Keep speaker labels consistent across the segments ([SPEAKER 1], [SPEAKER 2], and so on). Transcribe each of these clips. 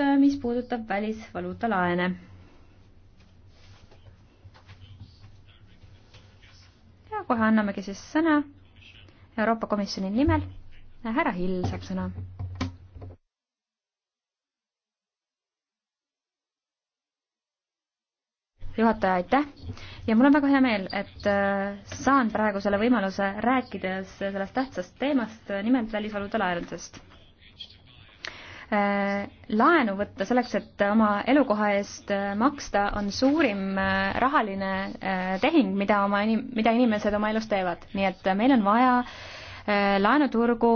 [SPEAKER 1] Äh, mis puudutab välisvaluuta laene. ja kohe annamegi siis sõna Euroopa Komisjoni nimel. härra Hill saab sõna. juhataja, aitäh! ja mul on väga hea meel, et äh, saan praegu selle võimaluse rääkides sellest tähtsast teemast, nimelt välisvaluuta laenudest Äh, laenu võtta selleks, et oma elukoha eest äh, maksta, on suurim äh, rahaline tehing, mida oma inim-, mida inimesed oma elus teevad, nii et meil on vaja laenuturgu,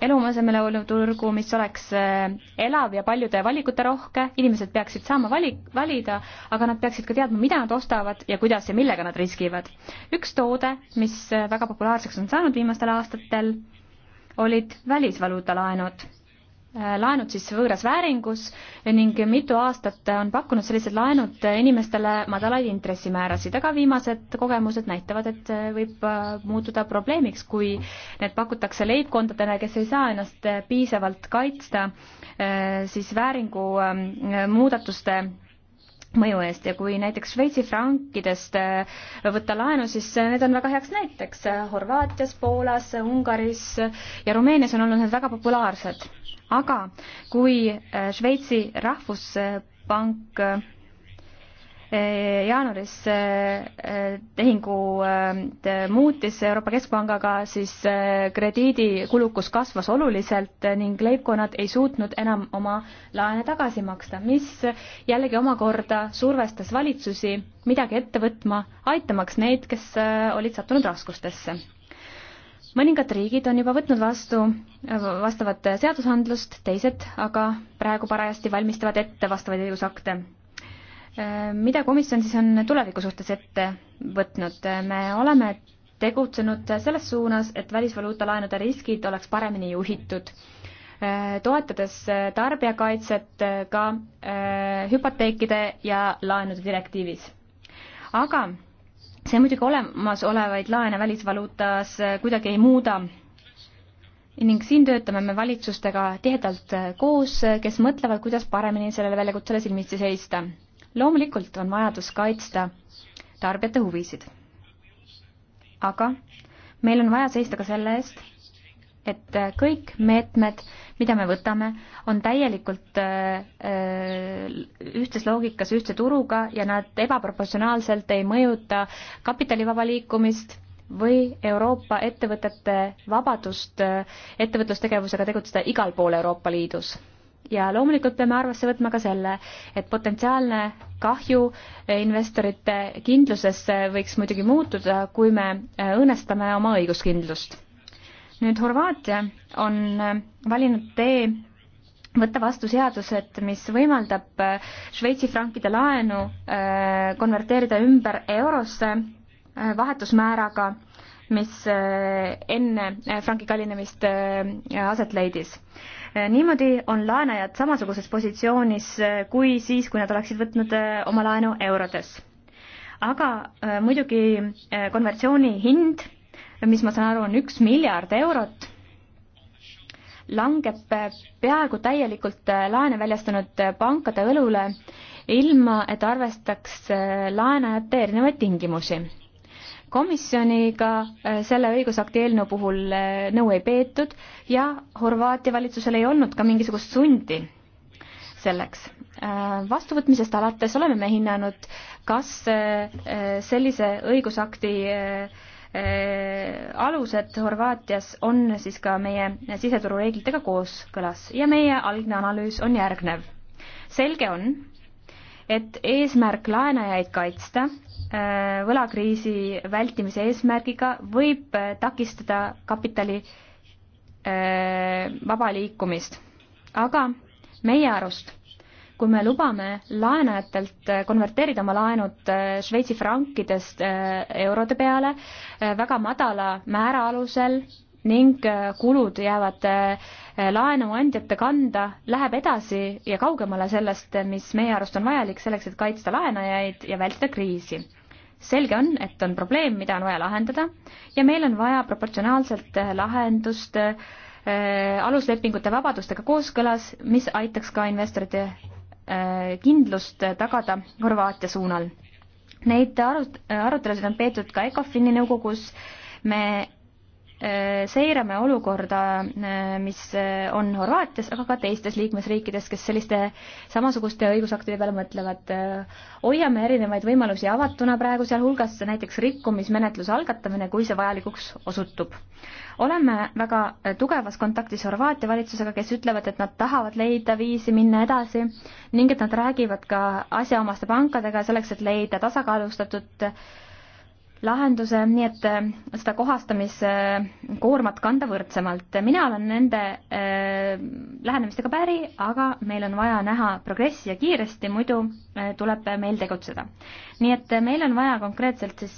[SPEAKER 1] eluasemele turgu, mis oleks elav ja paljude valikute rohke, inimesed peaksid saama vali-, valida, aga nad peaksid ka teadma, mida nad ostavad ja kuidas ja millega nad riskivad. üks toode, mis väga populaarseks on saanud viimastel aastatel, olid välisvaluutalaenud Äh, laenud siis võõras vääringus ning mitu aastat on pakkunud sellised laenud inimestele madalaid intressimäärasid, aga viimased kogemused näitavad, et äh, võib äh, muutuda probleemiks, kui need pakutakse leibkondadele, kes ei saa ennast piisavalt kaitsta siis vääringu ähm, muudatuste mõju eest ja kui näiteks Šveitsi frankidest äh, võtta laenu, siis äh, need on väga heaks näiteks. Horvaatias, Poolas, Ungaris ja Rumeenias on olnud need väga populaarsed. aga kui äh, Šveitsi rahvuspank Eh, jaanuaris eh, tehingu eh, muutis Euroopa Keskpangaga, siis krediidikulukus kasvas oluliselt ning leibkonnad ei suutnud enam oma laene tagasi maksta, mis jällegi omakorda survestas valitsusi midagi ette võtma, aitamaks neid, kes olid sattunud raskustesse mõningad riigid on juba võtnud vastu vastavat seadusandlust, teised aga praegu parajasti valmistavad ette vastavaid õigusakte. Äh, mida komisjon siis on tuleviku suhtes ette võtnud? Äh, me oleme tegutsenud selles suunas, et välisvaluutalaenude riskid oleks paremini juhitud, äh, toetades tarbijakaitset ka hüpoteekide ja laenude direktiivis. aga see muidugi olemasolevaid laene välisvaluutas kuidagi ei muuda ning siin töötame me valitsustega tihedalt koos, kes mõtlevad, kuidas paremini sellele väljakutsele silmitsi seista loomulikult on vajadus kaitsta tarbijate huvisid. aga meil on vaja seista ka selle eest, et kõik meetmed, mida me võtame, on täielikult äh, äh, ühtses loogikas ühtse turuga ja nad ebaproportsionaalselt ei mõjuta kapitalivaba liikumist või Euroopa ettevõtete vabadust äh, ettevõtlustegevusega tegutseda igal pool Euroopa Liidus ja loomulikult peame arvesse võtma ka selle, et potentsiaalne kahju investorite kindlusesse võiks muidugi muutuda, kui me õõnestame oma õiguskindlust. nüüd Horvaatia on valinud tee võtta vastu seadused, mis võimaldab Šveitsi frankide laenu äh, konverteerida ümber eurosse äh, vahetusmääraga, mis äh, enne franki kallinemist aset leidis Eh, niimoodi on laenajad samasuguses positsioonis eh, kui siis, kui nad oleksid võtnud eh, oma laenu eurodes. aga muidugi konvertsiooni hind, mis ma saan aru, on üks miljard eurot, langeb peaaegu täielikult laene väljastanud pankade õlule, ilma et arvestaks laenajate erinevaid tingimusi komisjoniga äh, selle õigusakti eelnõu puhul äh, nõu ei peetud ja Horvaatia valitsusel ei olnud ka mingisugust sundi selleks. Äh, vastuvõtmisest alates oleme me hinnanud, kas sellise õigusakti alused Horvaatias on siis ka meie siseturureeglitega kooskõlas ja meie algne analüüs on järgnev. selge on, et eesmärk laenajaid kaitsta Äh, võlakriisi vältimise eesmärgiga võib äh, takistada kapitali äh, vaba liikumist. aga meie arust, kui me lubame laenajatelt konverteerida oma laenud Šveitsi frankidest eurode peale väga madala määra alusel ning kulud jäävad laenuandjate kanda, läheb edasi ja kaugemale sellest, mis meie arust on vajalik selleks, et kaitsta laenajaid ja vältida kriisi selge on, et on probleem, mida on vaja lahendada ja meil on vaja proportsionaalselt eh, lahendust äh, aluslepingute vabadustega kooskõlas, mis aitaks ka investorite äh, kindlust tagada Horvaatia suunal. Neid arut-, arutelusid on peetud ka ECOFIN-i nõukogus, me Äh, seirame olukorda, äh, mis äh, on Horvaatias, aga ka teistes liikmesriikides, kes selliste samasuguste õigusaktide peale mõtlevad. hoiame erinevaid võimalusi avatuna praegu, sealhulgas näiteks rikkumismenetluse algatamine, kui see vajalikuks osutub. oleme väga tugevas kontaktis Horvaatia valitsusega, kes ütlevad, et nad tahavad leida viisi minna edasi ning et nad räägivad ka asjaomaste pankadega selleks, et leida tasakaalustatud lahenduse, nii et äh, seda kohastamiskoormat kanda võrdsemalt. mina olen nende äh, lähenemistega päri, aga meil on vaja näha progressi ja kiiresti, muidu äh, tuleb meil tegutseda. nii et meil on vaja konkreetselt siis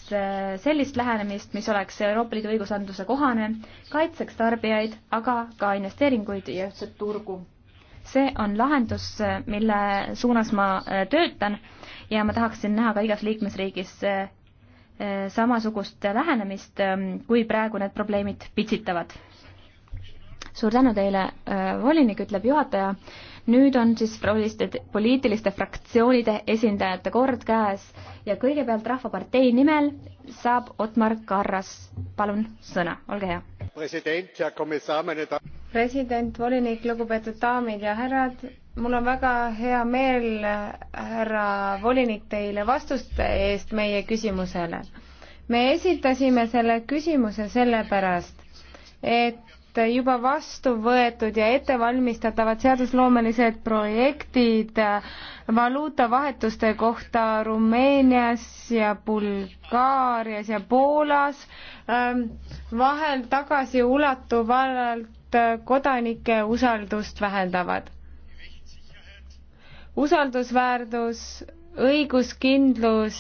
[SPEAKER 1] sellist lähenemist, mis oleks Euroopa Liidu õigusandluse kohane, kaitseks tarbijaid, aga ka investeeringuid ja ühtset turgu. see on lahendus, mille suunas ma töötan ja ma tahaksin näha ka igas liikmesriigis Eh, samasugust lähenemist, eh, kui praegu need probleemid pitsitavad. suur tänu teile, eh, volinik, ütleb juhataja. nüüd on siis poliitiliste fraktsioonide esindajate kord käes ja kõigepealt Rahvapartei nimel
[SPEAKER 2] saab Otmar Karras, palun, sõna, olge hea. president, volinik, lugupeetud daamid ja härrad mul on väga hea meel, härra volinik, teile vastuste eest meie küsimusele. me esitasime selle küsimuse sellepärast, et juba vastu võetud ja ettevalmistatavad seadusloomelised projektid valuutavahetuste kohta Rumeenias ja Bulgaarias ja Poolas ähm, vahel tagasiulatuvalt kodanike usaldust vähendavad usaldusväärsus, õiguskindlus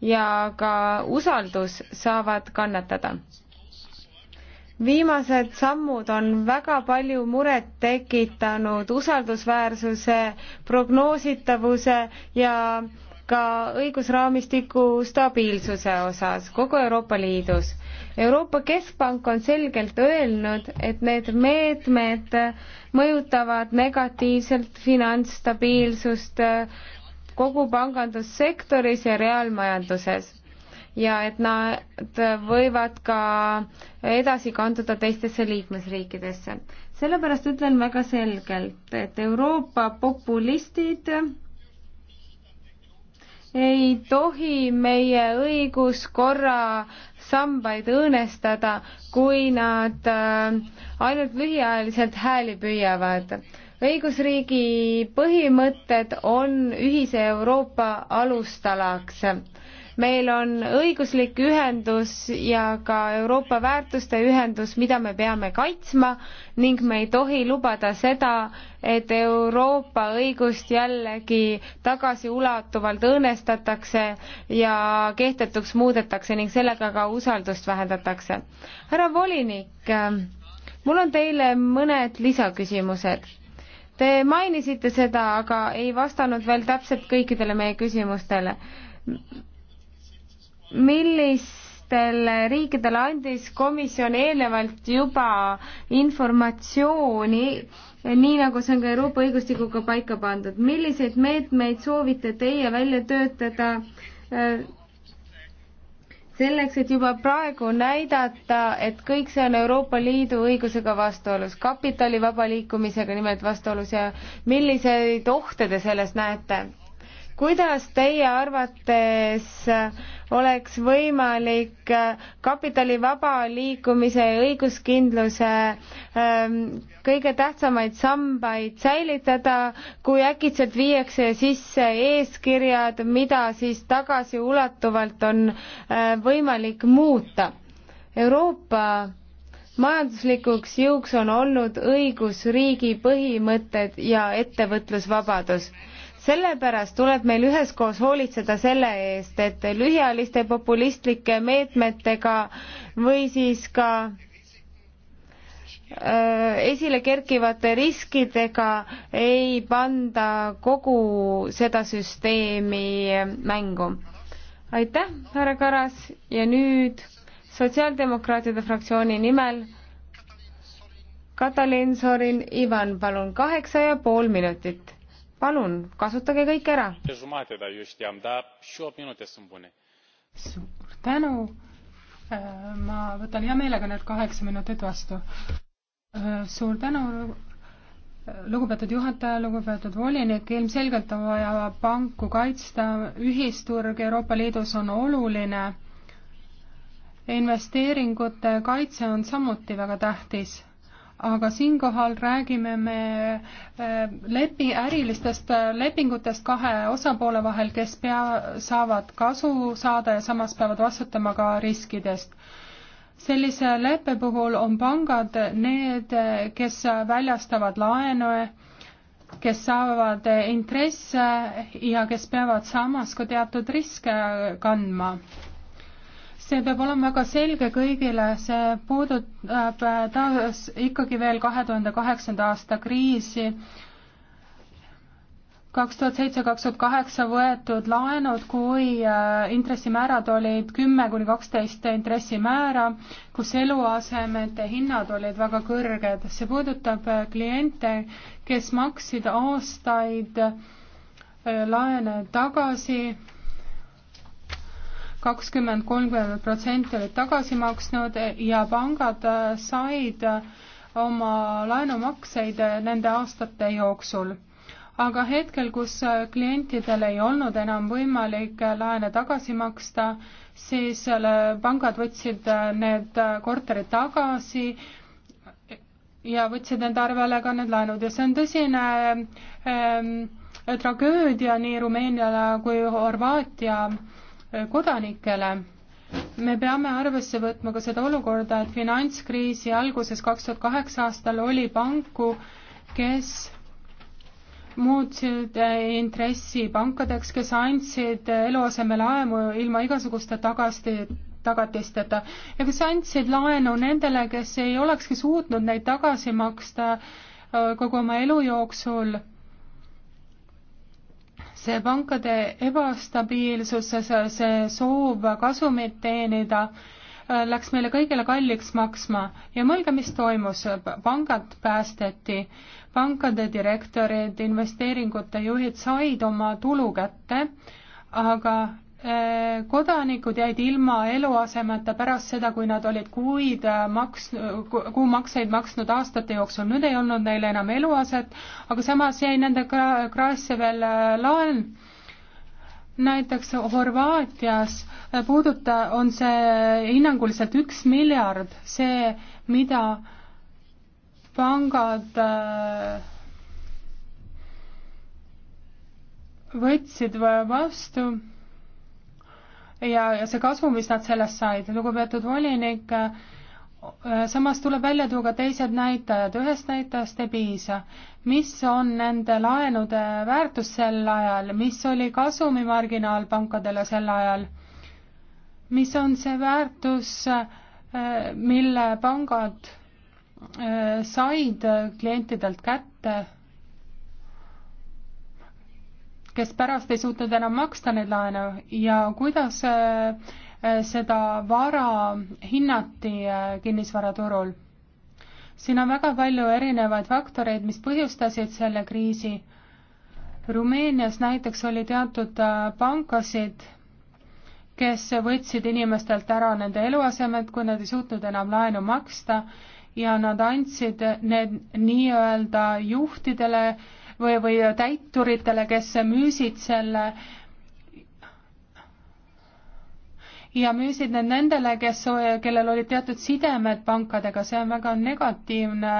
[SPEAKER 2] ja ka usaldus saavad kannatada. viimased sammud on väga palju muret tekitanud usaldusväärsuse, prognoositavuse ja ka õigusraamistiku stabiilsuse osas kogu Euroopa Liidus. Euroopa Keskpank on selgelt öelnud, et need meetmed mõjutavad negatiivselt finantsstabiilsust kogu pangandussektoris ja reaalmajanduses ja et nad võivad ka edasi kanduda teistesse liikmesriikidesse. sellepärast ütlen väga selgelt, et Euroopa populistid ei tohi meie õiguskorra sambaid õõnestada, kui nad äh, ainult lühiajaliselt hääli püüavad. õigusriigi põhimõtted on ühise Euroopa alustalaks meil on õiguslik ühendus ja ka Euroopa väärtuste ühendus, mida me peame kaitsma ning me ei tohi lubada seda, et Euroopa õigust jällegi tagasiulatuvalt õõnestatakse ja kehtetuks muudetakse ning sellega ka usaldust vähendatakse. härra volinik, mul on teile mõned lisaküsimused Te mainisite seda, aga ei vastanud veel täpselt kõikidele meie küsimustele millistele riikidele andis komisjon eelnevalt juba informatsiooni, nii nagu see on ka Euroopa õigustikuga paika pandud, milliseid meetmeid soovite teie välja töötada äh, selleks, et juba praegu näidata, et kõik see on Euroopa Liidu õigusega vastuolus, kapitali vaba liikumisega nimelt vastuolus ja milliseid ohte te selles näete? kuidas teie arvates oleks võimalik kapitali vaba liikumise ja õiguskindluse ähm, kõige tähtsamaid sambaid säilitada, kui äkitselt viiakse sisse eeskirjad, mida siis tagasiulatuvalt on äh, võimalik muuta. Euroopa majanduslikuks jõuks on olnud õigusriigi põhimõtted ja ettevõtlusvabadus sellepärast tuleb meil üheskoos hoolitseda selle eest, et lühiajaliste populistlike meetmetega või siis ka äh, esile kerkivate riskidega ei panda kogu seda süsteemi mängu. aitäh, härra Karas ja nüüd sotsiaaldemokraatide fraktsiooni nimel Katalin Sorin-Ivan, palun kaheksa ja pool minutit palun
[SPEAKER 3] kasutage kõik ära. suur tänu. Äh, ma võtan hea meelega need kaheksa minutit vastu. Äh, suur tänu, äh, lugupeetud juhataja, lugupeetud volinik, ilmselgelt on vaja panku kaitsta, ühisturg Euroopa Liidus on oluline. investeeringute kaitse on samuti väga tähtis aga siinkohal räägime me äh, lepi, ärilistest äh, lepingutest kahe osapoole vahel, kes pea, saavad kasu saada ja samas peavad vastutama ka riskidest sellise leppe puhul on pangad need, kes väljastavad laene, kes saavad intresse ja kes peavad samas ka teatud riske kandma see peab olema väga selge kõigile, see puudutab äh, taas ikkagi veel kahe tuhande kaheksanda aasta kriisi. kaks tuhat seitse, kaks tuhat kaheksa võetud laenud, kui äh, intressimäärad olid kümme kuni kaksteist intressimäära, kus eluasemete hinnad olid väga kõrged. see puudutab äh, kliente, kes maksid aastaid laene tagasi kakskümmend, kolmkümmend protsenti olid tagasi maksnud ja pangad äh, said äh, oma laenumakseid äh, nende aastate jooksul. aga hetkel, kus klientidel ei olnud enam võimalik laene tagasi maksta, siis pangad võtsid need korterid tagasi ja võtsid enda arvele ka need laenud ja see on tõsine ähm, tragöödia nii Rumeeniale kui Horvaatia äh, kodanikele. me peame arvesse võtma ka seda olukorda, et finantskriisi alguses kaks tuhat kaheksa aastal oli panku, kes muutsid intressipankadeks, kes andsid eluasemelaenu ilma igasuguste tagasti, tagatisteta ja kes andsid laenu nendele, kes ei olekski suutnud neid tagasi maksta äh, kogu oma elu jooksul see pankade ebastabiilsus, see, see soov kasumit teenida äh, läks meile kõigile kalliks maksma ja mõelge, mis toimus, pangad päästeti, pankade direktorid, investeeringute juhid said oma tulu kätte, aga Äh, kodanikud jäid ilma eluasemeta pärast seda, kui nad olid kuid äh, maks-, kuumakseid maksnud aastate jooksul, nüüd ei olnud neil enam eluaset, aga samas jäi nende kraesse veel äh, laen. näiteks Horvaatias puuduta, on see hinnanguliselt üks miljard, see, mida pangad võtsid vastu ja, ja see kasu, mis nad sellest said, lugupeetud volinik, äh, samas tuleb välja tuua ka teised näitajad, ühest näitajast ei piisa. mis on nende laenude väärtus sel ajal, mis oli kasumimarginaal pankadele sel ajal, mis on see väärtus, äh, mille pangad äh, said klientidelt kätte kes pärast ei suutnud enam maksta neid laene ja kuidas äh, seda vara hinnati äh, kinnisvaraturul? siin on väga palju erinevaid faktoreid, mis põhjustasid selle kriisi. Rumeenias näiteks oli teatud äh, pankasid, kes võtsid inimestelt ära nende eluasemed, kui nad ei suutnud enam laenu maksta ja nad andsid need nii-öelda juhtidele, või, või täituritele, kes müüsid selle ja müüsid need nendele, kes, kellel olid teatud sidemed pankadega, see on väga negatiivne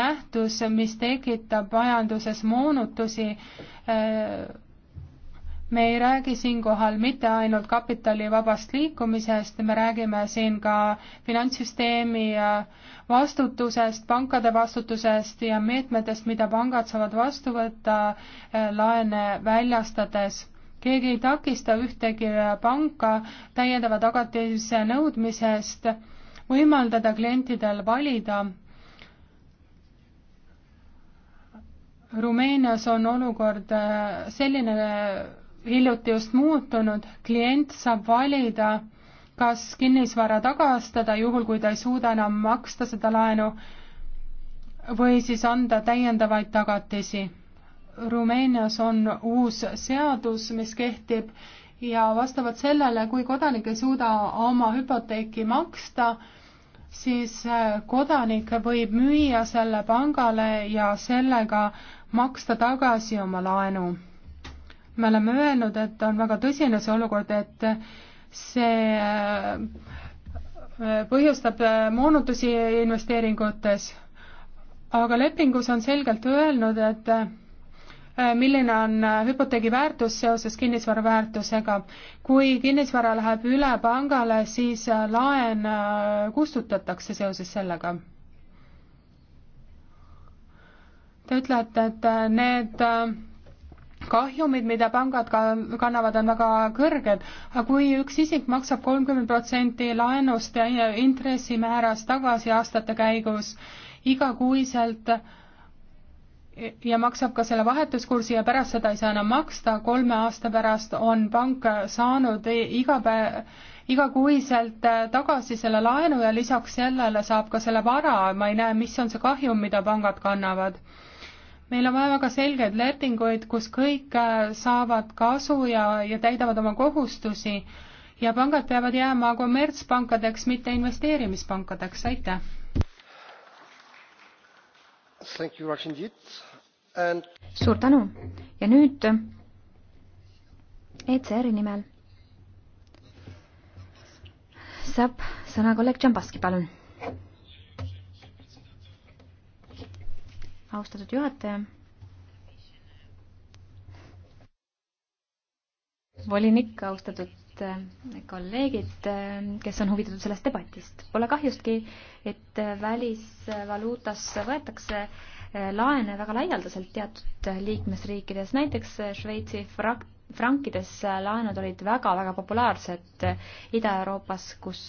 [SPEAKER 3] nähtus, mis tekitab majanduses moonutusi äh, me ei räägi siinkohal mitte ainult kapitali vabast liikumisest, me räägime siin ka finantssüsteemi äh, vastutusest, pankade vastutusest ja meetmetest, mida pangad saavad vastu võtta äh, laene väljastades. keegi ei takista ühtegi äh, panka täiendava tagatise nõudmisest, võimaldada klientidel valida Rumeenias on olukord selline hiljuti just muutunud, klient saab valida, kas kinnisvara tagastada, juhul kui ta ei suuda enam maksta seda laenu, või siis anda täiendavaid tagatisi. Rumeenias on uus seadus, mis kehtib ja vastavalt sellele, kui kodanik ei suuda oma hüpoteeki maksta, siis äh, kodanik võib müüa selle pangale ja sellega maksta tagasi oma laenu me oleme öelnud, et on väga tõsine see olukord, et see äh, põhjustab äh, moonutusi investeeringutes, aga lepingus on selgelt öelnud, et äh, milline on hüpoteegi väärtus seoses kinnisvara väärtusega. kui kinnisvara läheb üle pangale, siis laen kustutatakse seoses sellega. Te ütlete, et need kahjumid, mida pangad ka kannavad, on väga kõrged, aga kui üks isik maksab kolmkümmend protsenti laenust ja intressimäärast tagasi aastate käigus igakuiselt ja maksab ka selle vahetuskursi ja pärast seda ei saa enam maksta, kolme aasta pärast on pank saanud iga päev, igakuiselt tagasi selle laenu ja lisaks sellele saab ka selle vara, ma ei näe, mis on see kahjum, mida pangad kannavad meil on vaja väga selgeid lepinguid, kus kõik äh, saavad kasu ja, ja täidavad oma kohustusi ja pangad peavad jääma kommertspankadeks, mitte investeerimispankadeks, aitäh.
[SPEAKER 2] And... suur tänu
[SPEAKER 3] ja nüüd
[SPEAKER 1] ECR-i nimel saab sõna kolleeg Džambaski, palun austatud juhataja. volinik, austatud äh, kolleegid, äh, kes on huvitatud sellest debatist. Pole kahjustki, et äh, välisvaluutas võetakse laene väga laialdaselt teatud liikmesriikides, näiteks Šveitsi frak-, frankides laenud olid väga-väga populaarsed Ida-Euroopas, kus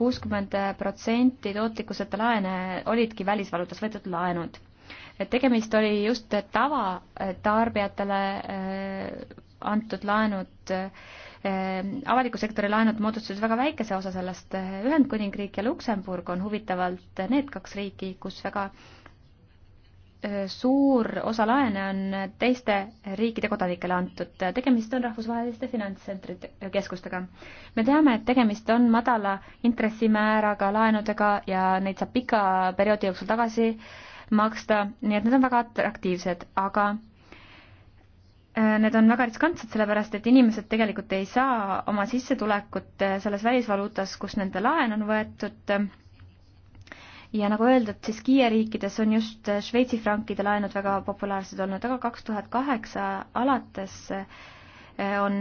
[SPEAKER 1] kuuskümmend protsenti tootlikkuseta laene olidki välisvaluutas võetud laenud et tegemist oli just tavatarbijatele äh, antud laenud, äh, avaliku sektori laenud moodustasid väga väikese osa sellest, Ühendkuningriik ja Luksemburg on huvitavalt need kaks riiki, kus väga äh, suur osa laene on teiste riikide kodanikele antud. tegemist on rahvusvaheliste finantssentrite keskustega. me teame, et tegemist on madala intressimääraga laenudega ja neid saab pika perioodi jooksul tagasi äh, maksta, nii et need on väga atraktiivsed, aga äh, need on väga riskantsed, sellepärast et inimesed tegelikult ei saa oma sissetulekut äh, selles välisvaluutas, kus nende laen on võetud. Äh, ja nagu öeldud, siis Kiie riikides on just Šveitsi frankide laenud väga populaarsed olnud, aga kaks tuhat kaheksa alates on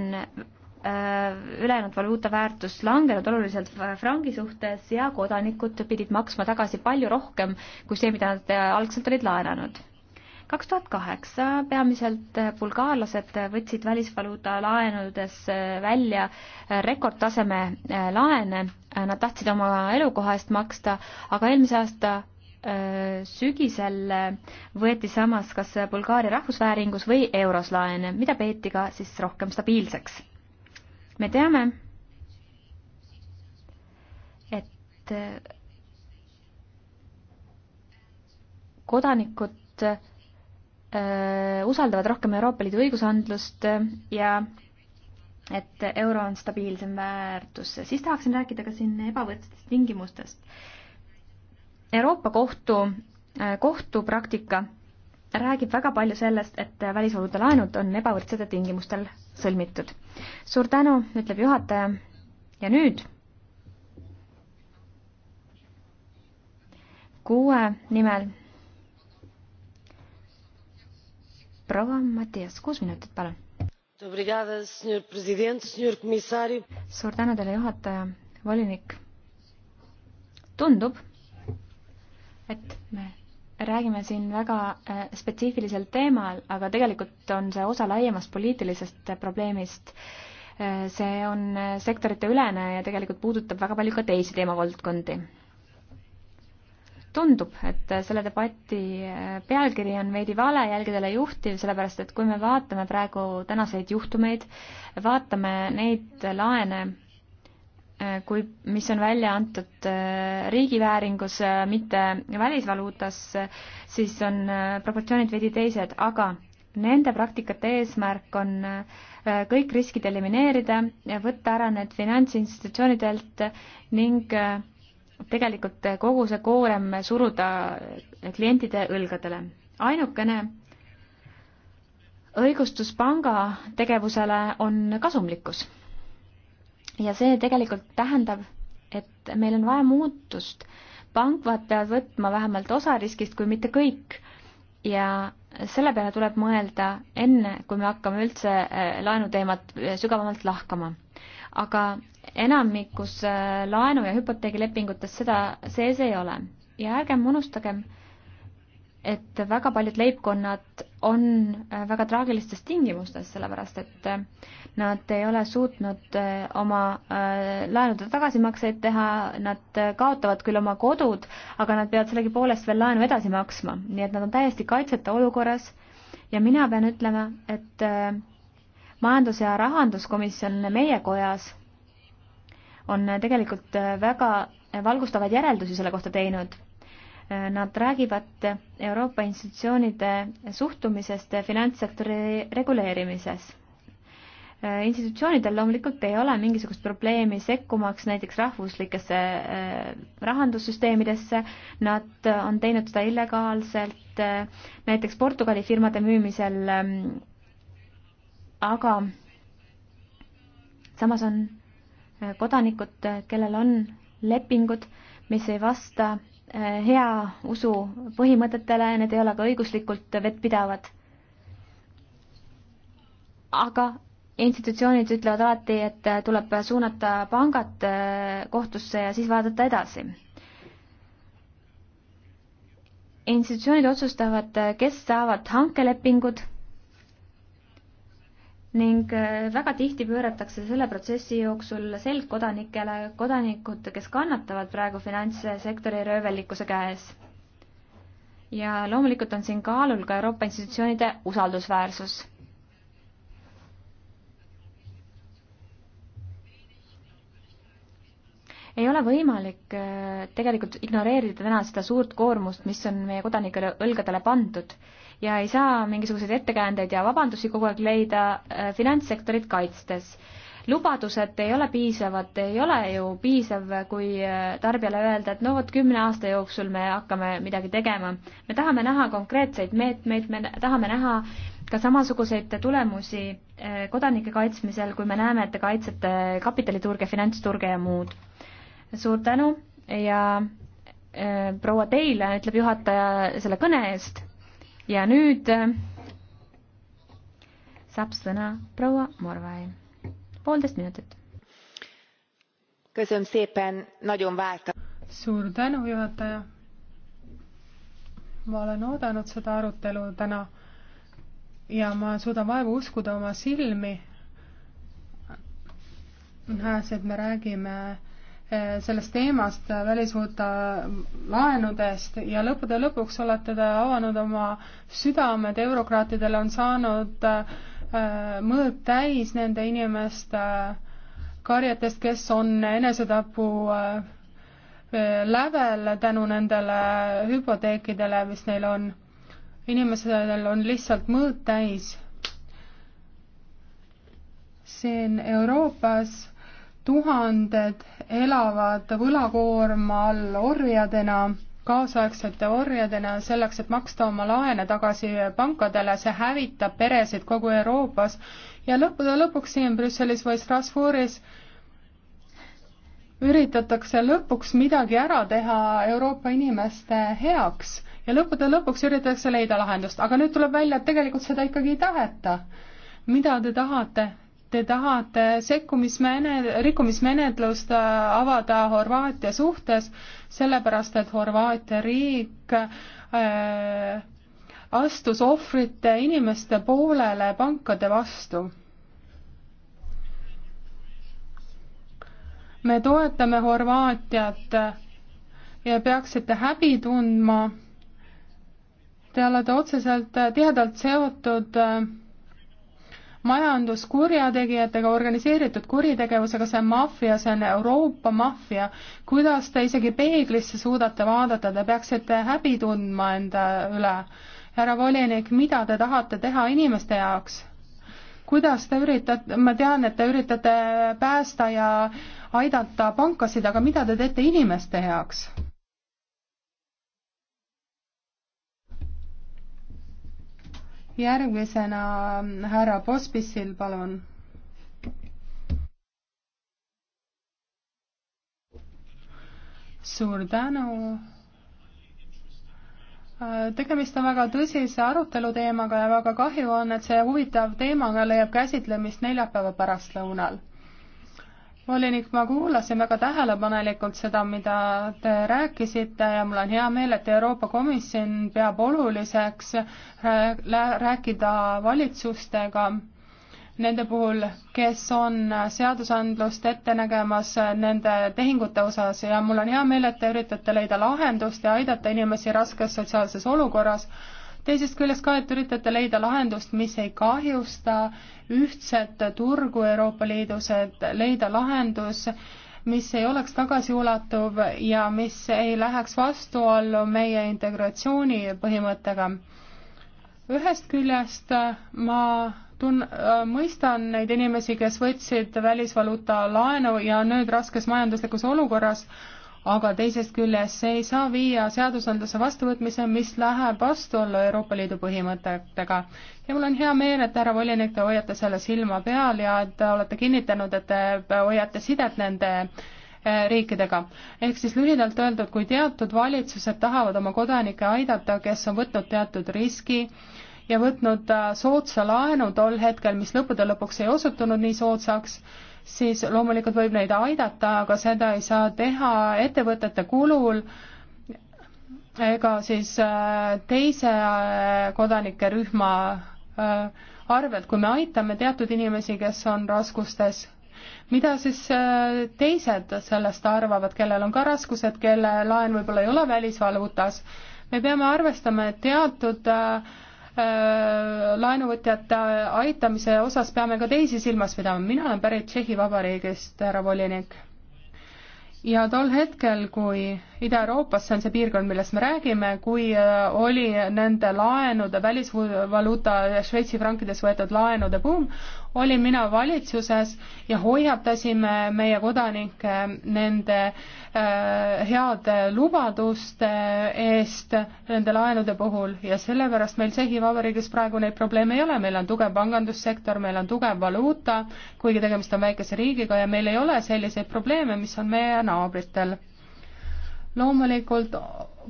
[SPEAKER 1] Äh, ülejäänud valuuta väärtus langenud oluliselt frangi suhtes ja kodanikud pidid maksma tagasi palju rohkem kui see, mida nad äh, algselt olid laenanud. kaks tuhat kaheksa peamiselt äh, bulgaarlased võtsid välisvaluuta laenudes välja rekordtaseme laene, nad tahtsid oma elukoha eest maksta, aga eelmise aasta sügisel võeti samas kas Bulgaaria rahvusvääringus või euros laene, mida peeti ka siis rohkem stabiilseks me teame, et eh, kodanikud öö, eh, usaldavad rohkem Euroopa Liidu õigusandlust eh, ja et euro on stabiilsem väärtus. siis tahaksin rääkida ka siin ebavõrdsetest tingimustest. Euroopa Kohtu, kohtupraktika räägib väga palju sellest, et välisvaluutalaenud on ebavõrdsetel tingimustel sõlmitud. suur tänu, ütleb juhataja ja nüüd kuue nimel proua Mattias, kuus minutit, palun. suur tänu teile, juhataja, volinik. tundub, et me räägime siin väga äh, spetsiifilisel teemal, aga tegelikult on see osa laiemast poliitilisest probleemist. Äh, see on äh, sektorite ülene ja tegelikult puudutab väga palju ka teisi teemavaldkondi. tundub, et selle debati pealkiri on veidi vale, jälgedele juhtiv, sellepärast et kui me vaatame praegu tänaseid juhtumeid, vaatame neid laene, Äh, kui, mis on välja antud äh, riigivääringus, äh, mitte välisvaluutas, siis on proportsioonid veidi teised, aga nende praktikate eesmärk on kõik riskid elimineerida, võtta ära need finantsinstitutsioonidelt ning tegelikult kogu see koorem suruda klientide õlgadele. ainukene õigustus panga tegevusele on kasumlikkus ja see tegelikult tähendab, et meil on vaja muutust. pangad peavad võtma vähemalt osa riskist, kui mitte kõik. ja selle peale tuleb mõelda enne, kui me hakkame üldse äh, laenuteemat äh, sügavamalt lahkama. aga enamikus äh, laenu- ja hüpoteegilepingutes seda sees ei ole. ja ärgem unustagem, et väga paljud leibkonnad on äh, väga traagilistes tingimustes, sellepärast et äh, nad ei ole suutnud äh, oma laenude tagasimakseid teha, nad kaotavad küll oma kodud, aga nad peavad sellegipoolest veel laenu edasi maksma, nii et nad on täiesti kaitseta olukorras ja mina pean ütlema, et majandus- ja rahanduskomisjon meie kojas on tegelikult väga valgustavaid järeldusi selle kohta teinud Nad räägivad Euroopa institutsioonide suhtumisest finantssektori reguleerimises. institutsioonidel loomulikult ei ole mingisugust probleemi sekkumaks näiteks rahvuslikesse äh, rahandussüsteemidesse, nad on teinud seda illegaalselt, äh, näiteks Portugali firmade müümisel, ähm, aga samas on äh, kodanikud, kellel on lepingud, mis ei vasta Äh, hea usu põhimõtetele, need ei ole ka õiguslikult vettpidavad. aga institutsioonid ütlevad alati, et äh, tuleb suunata pangad äh, kohtusse ja siis vaadata edasi. institutsioonid otsustavad, kes saavad hankelepingud ning äh, väga tihti pööratakse selle protsessi jooksul selg kodanikele, kodanikud, kes kannatavad praegu finantssektori röövellikkuse käes. ja loomulikult on siin kaalul ka Euroopa institutsioonide usaldusväärsus. ei ole võimalik äh, tegelikult ignoreerida täna seda suurt koormust, mis on meie kodanikele õlgadele pandud ja ei saa mingisuguseid ettekäändeid ja vabandusi kogu aeg leida äh, finantssektorit kaitstes. lubadused ei ole piisavad, ei ole ju piisav, kui äh, tarbijale öelda, et no vot kümne aasta jooksul me hakkame midagi tegema. me tahame näha konkreetseid meetmeid, me tahame näha ka samasuguseid tulemusi äh, kodanike kaitsmisel, kui me näeme, et te kaitsete kapitaliturge, finantsturge ja muud. suur tänu ja proua teile, ütleb juhataja selle kõne eest ja nüüd äh, saab sõna
[SPEAKER 2] proua Morvai. poolteist minutit.
[SPEAKER 3] suur tänu, juhataja. ma olen oodanud seda arutelu täna ja ma suudan vaevu uskuda oma silmi. näes, et me räägime Eh, sellest teemast, välishuuta laenudest ja lõppude lõpuks olete te avanud oma südamed, eurokraatidel on saanud eh, mõõt täis nende inimeste karjatest, kes on enesetapu eh, lävel tänu nendele hüpoteekidele, mis neil on. inimesel on lihtsalt mõõt täis. siin Euroopas tuhanded elavad võlakoorma all orjadena, kaasaegsete orjadena, selleks, et maksta oma laene tagasi pankadele, see hävitab peresid kogu Euroopas ja lõppude lõpuks siin Brüsselis või Strasbourgis üritatakse lõpuks midagi ära teha Euroopa inimeste heaks ja lõppude lõpuks üritatakse leida lahendust, aga nüüd tuleb välja, et tegelikult seda ikkagi ei taheta. mida te tahate, Te tahate sekkumismene-, rikkumismenetlust äh, avada Horvaatia suhtes, sellepärast et Horvaatia riik äh, astus ohvrite inimeste poolele pankade vastu. me toetame Horvaatiat äh, ja peaksite häbi tundma. Te olete otseselt äh, tihedalt seotud äh, majanduskurjategijatega, organiseeritud kuritegevusega, see on maffia, see on Euroopa maffia. kuidas te isegi peeglisse suudate vaadata, te peaksite häbi tundma enda üle. härra volinik, mida te tahate teha inimeste jaoks? kuidas te üritate, ma tean, et te üritate päästa ja aidata pankasid, aga mida te teete inimeste heaks? järgmisena ähm, härra Pospisil, palun. suur tänu äh, tegemist on väga tõsise aruteluteemaga ja väga kahju on, et see huvitav teema leiab käsitlemist neljapäeva pärastlõunal volinik, ma kuulasin väga tähelepanelikult seda, mida te rääkisite ja mul on hea meel, et Euroopa Komisjon peab oluliseks rääkida valitsustega, nende puhul, kes on seadusandlust ette nägemas nende tehingute osas ja mul on hea meel, et te üritate leida lahendust ja aidata inimesi raskes sotsiaalses olukorras teisest küljest ka, et üritate leida lahendust, mis ei kahjusta ühtset turgu Euroopa Liidus, et leida lahendus, mis ei oleks tagasiulatuv ja mis ei läheks vastuollu meie integratsiooni põhimõttega. ühest küljest ma tun-, mõistan neid inimesi, kes võtsid välisvaluuta laenu ja nüüd raskes majanduslikus olukorras aga teisest küljest see ei saa viia seadusandluse vastuvõtmise, mis läheb vastuollu Euroopa Liidu põhimõtetega. ja mul on hea meel, et härra volinik, te hoiate selle silma peal ja et te olete kinnitanud, et te hoiate sidet nende eh, riikidega. ehk siis lühidalt öeldud, kui teatud valitsused tahavad oma kodanikke aidata, kes on võtnud teatud riski, ja võtnud eh, soodsa laenu tol hetkel, mis lõppude lõpuks ei osutunud nii soodsaks, siis loomulikult võib neid aidata, aga seda ei saa teha ettevõtete kulul ega siis äh, teise äh, kodanike rühma äh, arvelt, kui me aitame teatud inimesi, kes on raskustes, mida siis teised sellest arvavad, kellel on ka raskused, kelle laen võib-olla ei ole välisvaluutas, me peame arvestama, et teatud äh, Äh, laenuvõtjate aitamise osas peame ka teisi silmas pidama. mina olen pärit Tšehhi Vabariigist, härra volinik. ja tol hetkel, kui Ida-Euroopas, see on see piirkond, millest me räägime, kui äh, oli nende laenude, välisvaluuta Šveitsi frankides võetud laenude buum, olin mina valitsuses ja hoiatasime meie kodanikke nende äh, heade lubaduste eest nende laenude puhul ja sellepärast meil Tšehhi Vabariigis praegu neid probleeme ei ole, meil on tugev pangandussektor, meil on tugev valuuta, kuigi tegemist on väikese riigiga ja meil ei ole selliseid probleeme, mis on meie naabritel loomulikult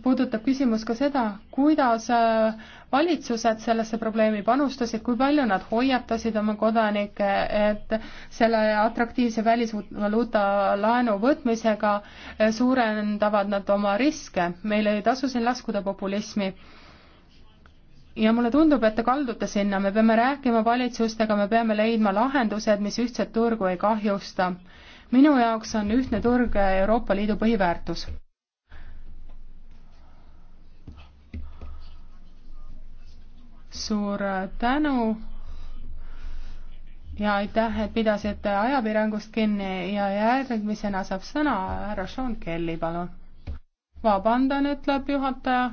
[SPEAKER 3] puudutab küsimus ka seda, kuidas äh, valitsused sellesse probleemi panustasid, kui palju nad hoiatasid oma kodanikke, et selle atraktiivse välisvaluuta laenu võtmisega äh, suurendavad nad oma riske, meil ei tasu siin laskuda populismi ja mulle tundub, et te kaldute sinna, me peame rääkima valitsustega, me peame leidma lahendused, mis ühtset turgu ei kahjusta. minu jaoks on ühtne turg Euroopa Liidu põhiväärtus. suur tänu ja aitäh, et pidasite ajapiirangust kinni ja järgmisena saab sõna härra Sean Kelly, palun. vabandan, ütleb juhataja.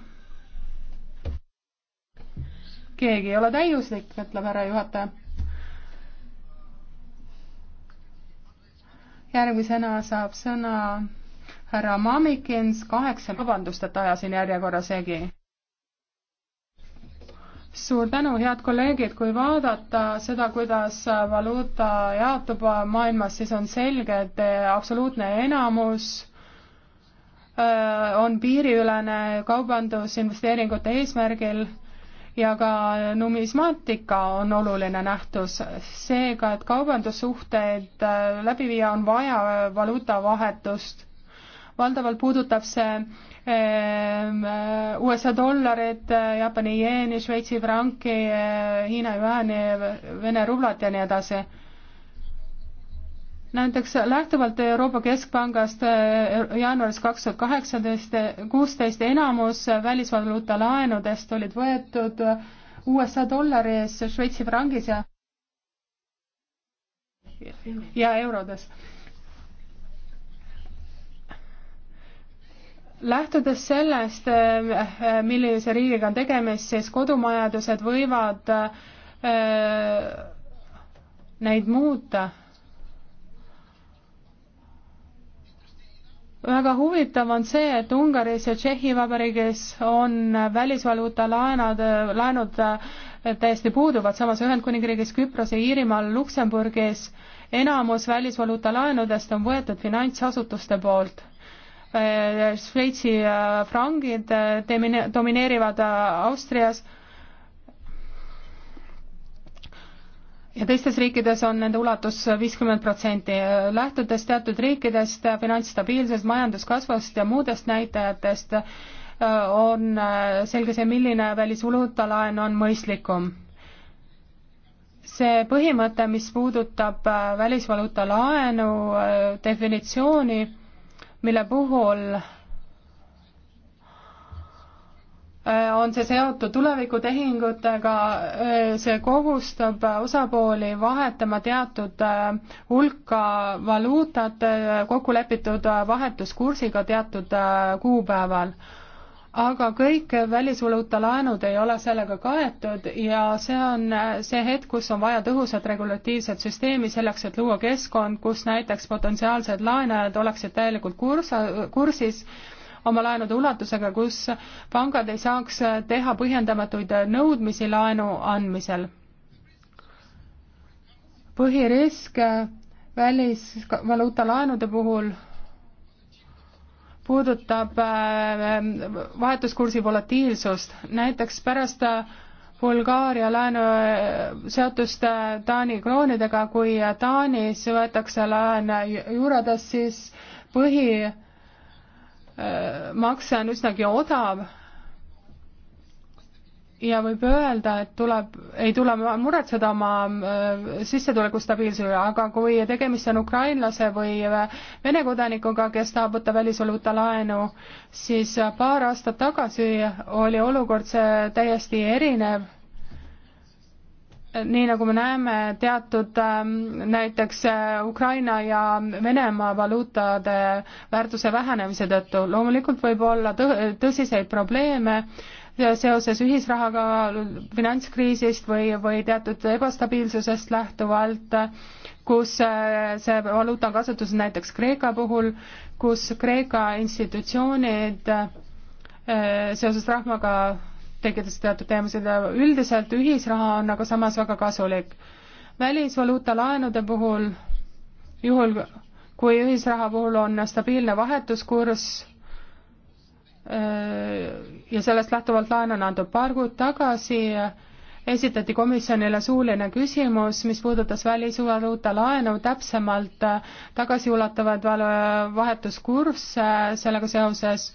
[SPEAKER 3] keegi ei ole täiuslik, ütleb härra juhataja. järgmisena saab sõna härra Mamikins, kaheksa, vabandust, et ajasin järjekorra segi suur tänu, head kolleegid, kui vaadata seda, kuidas valuuta jaotub maailmas, siis on selge, et absoluutne enamus äh, on piiriülene kaubandus investeeringute eesmärgil ja ka numismaatika on oluline nähtus. seega, et kaubandussuhteid äh, läbi viia, on vaja valuutavahetust valdavalt puudutab see ehm, äh, USA dollarit, äh, Jaapani jeeni, Šveitsi franki, äh, Hiina jüaani, Vene rublat ja nii edasi. näiteks lähtuvalt Euroopa Keskpangast jaanuaris kaks tuhat kaheksateist, kuusteist enamus välisvaluuta laenudest olid võetud USA dollari ees, Šveitsi frangis ja ja eurodes lähtudes sellest, eh, millise riigiga on tegemist, siis kodumajandused võivad eh, neid muuta. väga huvitav on see, et Ungaris ja Tšehhi Vabariigis on välisvaluuta laenad, laenud eh, täiesti puuduvad, samas Ühendkuningriigis, Küpros ja Iirimaal, Luksemburgis enamus välisvaluuta laenudest on võetud finantsasutuste poolt Äh, Šveitsi äh, frangid äh, domineerivad Austrias ja teistes riikides on nende ulatus viiskümmend protsenti. lähtudes teatud riikidest, finantsstabiilsusest, majanduskasvust ja muudest näitajatest, on selge see, milline välisuluta laen on mõistlikum. see põhimõte, mis puudutab välisvaluuta laenu definitsiooni, mille puhul äh, on see seotud tulevikutehingutega, äh, see kohustab osapooli vahetama teatud äh, hulka valuutat kokkulepitud vahetuskursiga teatud kuupäeval aga kõik välisvaluutalaenud ei ole sellega kaetud ja see on see hetk, kus on vaja tõhusat regulatiivset süsteemi selleks, et luua keskkond, kus näiteks potentsiaalsed laenajad oleksid täielikult kursa, kursis oma laenude ulatusega, kus pangad ei saaks teha põhjendamatuid nõudmisi laenu andmisel. põhirisk välisvaluutalaenude puhul puudutab äh, vahetuskursi volatiilsust, näiteks pärast äh, Bulgaaria laenu äh, seotust Taani kroonidega, kui Taanis võetakse laen juurades, siis põhimakse on üsnagi odav ja võib öelda, et tuleb, ei tule muretseda oma äh, sissetuleku stabiilsuse üle, aga kui tegemist on ukrainlase või äh, Vene kodanikuga, kes tahab võtta välisvaluuta laenu, siis paar aastat tagasi oli olukord see täiesti erinev nii nagu me näeme, teatud ähm, näiteks äh, Ukraina ja Venemaa valuutade väärtuse vähenemise tõttu loomulikult võib olla tõ tõsiseid probleeme seoses ühisrahaga finantskriisist või, või teatud ebastabiilsusest lähtuvalt, kus äh, see valuuta on kasutuses näiteks Kreeka puhul, kus Kreeka institutsioonid äh, seoses rahvaga tekitasid teatud teemasid ja üldiselt ühisraha on aga samas väga kasulik. välisvaluuta laenude puhul, juhul kui ühisraha puhul on stabiilne vahetuskurss, Äh, ja sellest lähtuvalt laenan antud paar kuud tagasi esitati komisjonile suuline küsimus, mis puudutas välisvaluuta laenu, täpsemalt tagasiulatavaid vahetuskursse sellega seoses.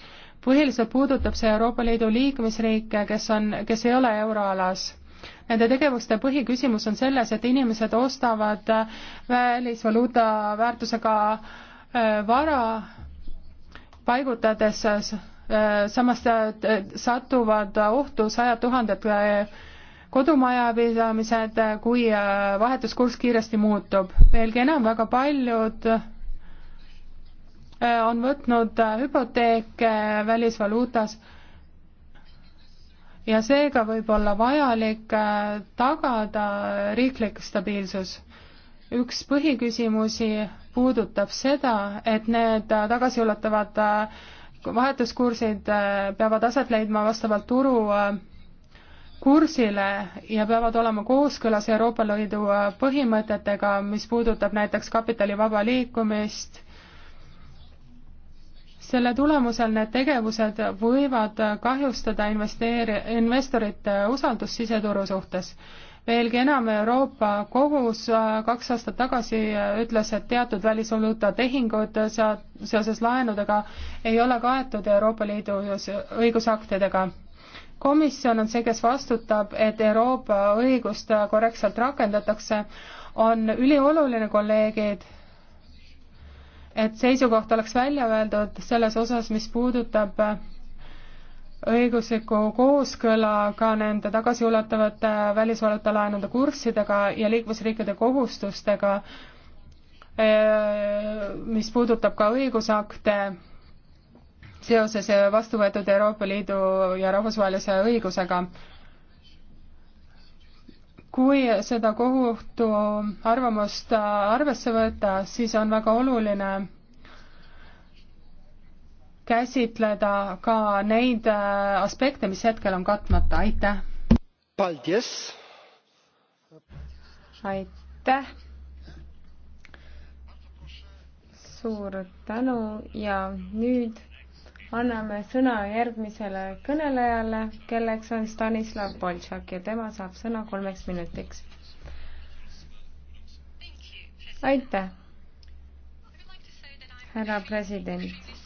[SPEAKER 3] põhiliselt puudutab see Euroopa Liidu liikmesriike, kes on, kes ei ole euroalas Nende tegevuste põhiküsimus on selles, et inimesed ostavad välisvaluuta väärtusega äh, vara, paigutades Äh, samas äh, satuvad ohtu sajad tuhanded äh, kodumajapidamised, kui vahetuskurss kiiresti muutub. veelgi enam, väga paljud on võtnud hüpoteeke välisvaluutas ja seega võib olla vajalik tagada riiklik stabiilsus. üks põhiküsimusi puudutab seda, et need tagasiulatuvad vahetuskursid äh, peavad aset leidma vastavalt turu äh, kursile ja peavad olema kooskõlas Euroopa Liidu äh, põhimõtetega, mis puudutab näiteks kapitali vaba liikumist. selle tulemusel need tegevused võivad kahjustada investeeri-, investorite usaldust siseturu suhtes veelgi enam, Euroopa Kohus äh, kaks aastat tagasi äh, ütles, et teatud välisvaluuta tehingud seoses laenudega ei ole kaetud Euroopa Liidu õigusaktidega. komisjon on see, kes vastutab, et Euroopa õigust korrektselt rakendatakse, on ülioluline, kolleegid, et seisukoht oleks välja öeldud selles osas, mis puudutab õigusliku kooskõla ka nende tagasiulatavate välisvaluta laenude kurssidega ja liikmesriikide kohustustega, e, mis puudutab ka õigusakte seoses vastu võetud Euroopa Liidu ja rahvusvahelise õigusega. kui seda kohtu arvamust arvesse võtta, siis on väga oluline käsitleda ka neid äh, aspekte, mis hetkel on katmata, aitäh. aitäh.
[SPEAKER 2] suur tänu ja nüüd anname sõna järgmisele kõnelejale, kelleks on Stanislav Boltšak ja tema saab sõna kolmeks minutiks. aitäh, härra president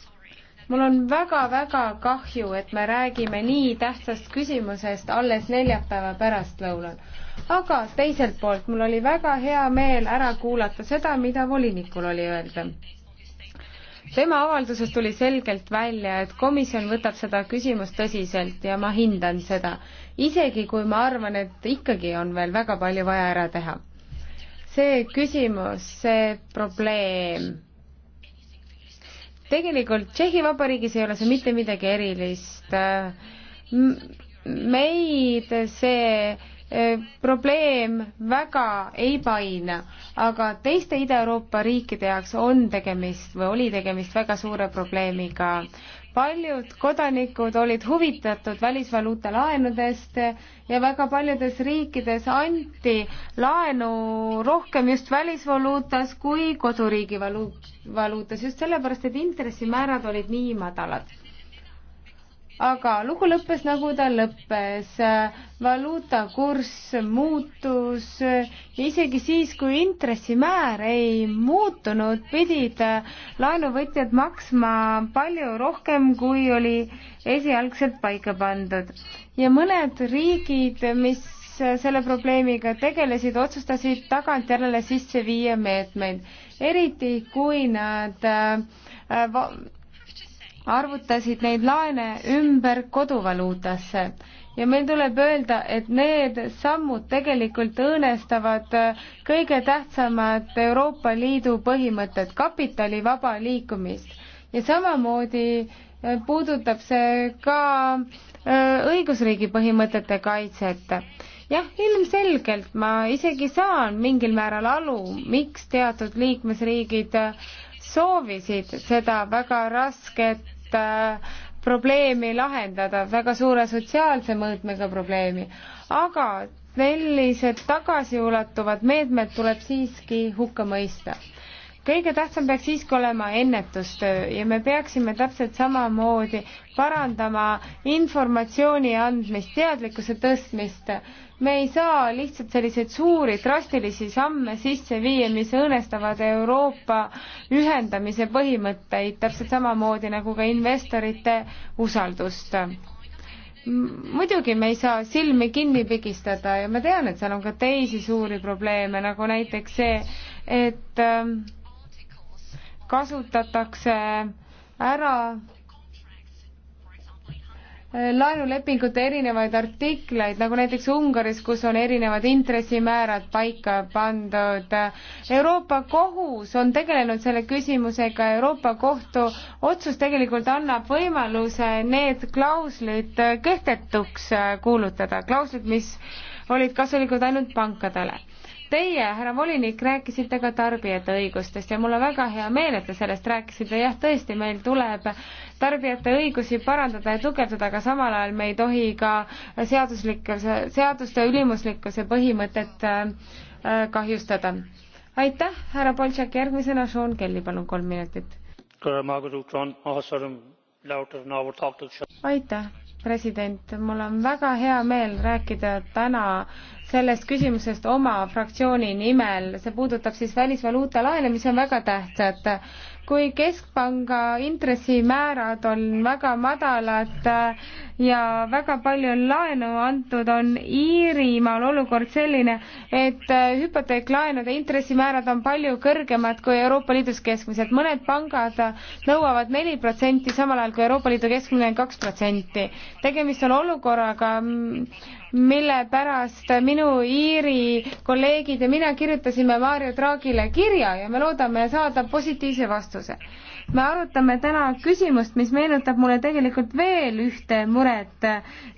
[SPEAKER 2] mul on väga-väga kahju, et me räägime nii tähtsast küsimusest alles neljapäeva pärastlõunal. aga teiselt poolt mul oli väga hea meel ära kuulata seda, mida volinikul oli öelda tema avalduses tuli selgelt välja, et komisjon võtab seda küsimust tõsiselt ja ma hindan seda, isegi kui ma arvan, et ikkagi on veel väga palju vaja ära teha. see küsimus, see probleem tegelikult Tšehhi Vabariigis ei ole see mitte midagi erilist. meid see e, probleem väga ei paina, aga teiste Ida-Euroopa riikide jaoks on tegemist või oli tegemist väga suure probleemiga paljud kodanikud olid huvitatud välisvaluuta laenudest ja väga paljudes riikides anti laenu rohkem just välisvaluutas kui koduriigi valuutas, just sellepärast, et intressimäärad olid nii madalad aga lugu lõppes nagu ta lõppes. valuutakurss muutus, isegi siis, kui intressimäär ei muutunud, pidid laenuvõtjad maksma palju rohkem, kui oli esialgselt paika pandud. ja mõned riigid, mis selle probleemiga tegelesid, otsustasid tagantjärele sisse viia meetmeid, eriti kui nad äh, arvutasid neid laene ümber koduvaluutasse ja meil tuleb öelda, et need sammud tegelikult õõnestavad kõige tähtsamat Euroopa Liidu põhimõtet, kapitali vaba liikumist ja samamoodi eh, puudutab see ka eh, õigusriigi põhimõtete kaitset. jah, ilmselgelt ma isegi saan mingil määral aru, miks teatud liikmesriigid soovisid seda väga rasket Äh, probleemi lahendada, väga suure sotsiaalse mõõtmega probleemi, aga sellised tagasiulatuvad meetmed tuleb siiski hukka mõista kõige tähtsam peaks siiski olema ennetustöö ja me peaksime täpselt samamoodi parandama informatsiooni andmist, teadlikkuse tõstmist. me ei saa lihtsalt selliseid suuri drastilisi samme sisse viia, mis õõnestavad Euroopa ühendamise põhimõtteid, täpselt samamoodi nagu ka investorite usaldust muidugi me ei saa silmi kinni pigistada ja ma tean, et seal on ka teisi suuri probleeme, nagu näiteks see, et äh, kasutatakse ära laenulepingute erinevaid artikleid, nagu näiteks Ungaris, kus on erinevad intressimäärad paika pandud. Euroopa Kohus on tegelenud selle küsimusega, Euroopa Kohtu otsus tegelikult annab võimaluse need klauslid kehtetuks kuulutada, klauslid, mis olid kasulikud ainult pankadele Teie, härra volinik, rääkisite ka tarbijate õigustest ja mul on väga hea meel, et te sellest rääkisite, jah, tõesti, meil tuleb tarbijate õigusi parandada ja tugevdada, aga samal ajal me ei tohi ka seaduslikkuse, seaduste ülimuslikkuse põhimõtet äh, kahjustada. aitäh, härra Boltšak, järgmisena Sean Kelly, palun kolm minutit. aitäh president, mul on väga hea meel rääkida täna sellest küsimusest oma fraktsiooni nimel, see puudutab siis välisvaluuta laene, mis on väga tähtsad. kui keskpanga intressimäärad on väga madalad ja väga palju on laenu antud, on Iirimaal olukord selline, et hüpoteeklaenude intressimäärad on palju kõrgemad kui Euroopa Liidus keskmiselt. mõned pangad nõuavad neli protsenti, samal ajal kui Euroopa Liidu keskmine on kaks protsenti. tegemist on olukorraga, mille pärast minu Iiri kolleegid ja mina kirjutasime Mario Draagile kirja ja me loodame saada positiivse vastuse. me arutame täna küsimust, mis meenutab mulle tegelikult veel ühte muret,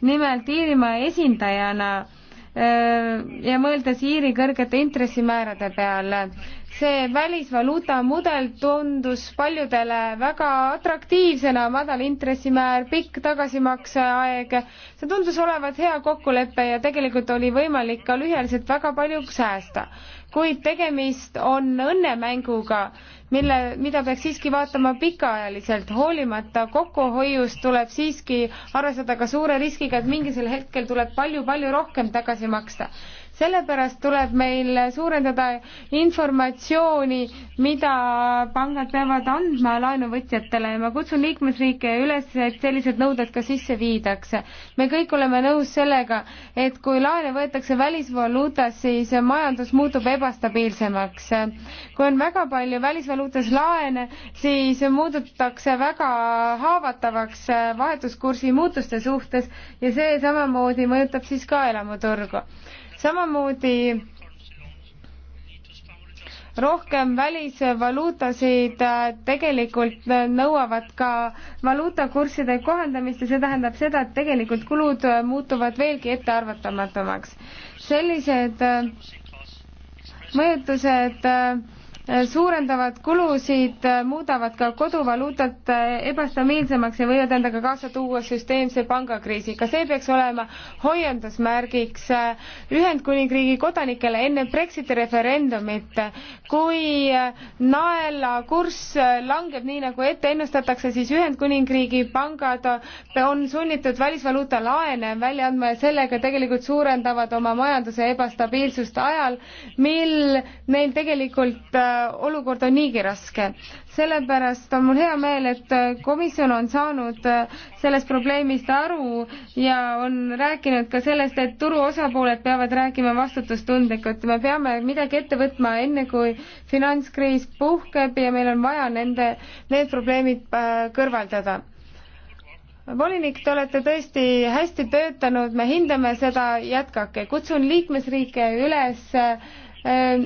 [SPEAKER 2] nimelt Iirimaa esindajana ja mõeldes Iiri kõrgete intressimäärade peale. see välisvaluuta mudel tundus paljudele väga atraktiivsena, madal intressimäär, pikk tagasimakseaeg, see tundus olevat hea kokkulepe ja tegelikult oli võimalik ka lühiajaliselt väga palju säästa kuid tegemist on õnnemänguga, mille, mida peaks siiski vaatama pikaajaliselt. hoolimata kokkuhoiust tuleb siiski arvestada ka suure riskiga, et mingisel hetkel tuleb palju-palju rohkem tagasi maksta sellepärast tuleb meil suurendada informatsiooni, mida pangad peavad andma laenuvõtjatele ja ma kutsun liikmesriike üles, et sellised nõuded ka sisse viidakse. me kõik oleme nõus sellega, et kui laene võetakse välisvaluutas, siis majandus muutub ebastabiilsemaks. kui on väga palju välisvaluutas laene, siis muudetakse väga haavatavaks vahetuskursi muutuste suhtes ja see samamoodi mõjutab siis ka elamuturgu samamoodi rohkem välisvaluutasid äh, tegelikult äh, nõuavad ka valuutakursside kohandamist ja see tähendab seda, et tegelikult kulud äh, muutuvad veelgi ettearvatamatumaks. sellised mõjutused äh, suurendavad kulusid, muudavad ka koduvaluutat ebastabiilsemaks ja võivad endaga kaasa tuua süsteemse pangakriisi. ka see peaks olema hoiandusmärgiks Ühendkuningriigi kodanikele enne Brexiti referendumit. kui naela kurss langeb nii, nagu ette ennustatakse, siis Ühendkuningriigi pangad on sunnitud välisvaluuta laene välja andma ja sellega tegelikult suurendavad oma majanduse ebastabiilsust ajal, mil neil tegelikult Äh, olukord on niigi raske. sellepärast on mul hea meel, et äh, komisjon on saanud äh, sellest probleemist aru ja on rääkinud ka sellest, et turu osapooled peavad rääkima vastutustundlikult. me peame midagi ette võtma enne, kui finantskriis puhkeb ja meil on vaja nende, need probleemid kõrvaldada volinik, te olete tõesti hästi töötanud, me hindame seda, jätkake. kutsun liikmesriike üles äh,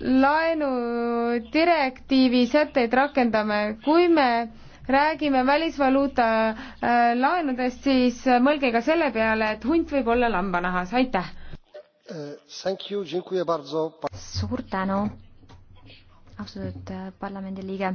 [SPEAKER 2] laenudirektiivi sätteid rakendame. kui me räägime välisvaluuta äh, laenudest, siis mõelge ka selle peale, et hunt võib olla lambanahas, aitäh!
[SPEAKER 3] Äh, suur
[SPEAKER 2] tänu, austatud äh, parlamendiliige!